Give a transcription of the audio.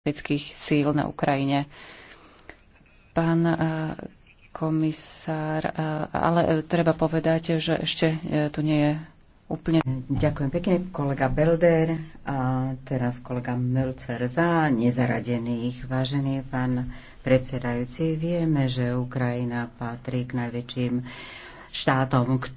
politických síl na Ukrajine. Pán e, komisár, e, ale e, treba povedať, že ešte tu nie je úplne. Ďakujem pekne, kolega Belder a teraz kolega Melcer za nezaradených. Vážený pán predsedajúci, vieme, že Ukrajina patrí k najväčším štátom,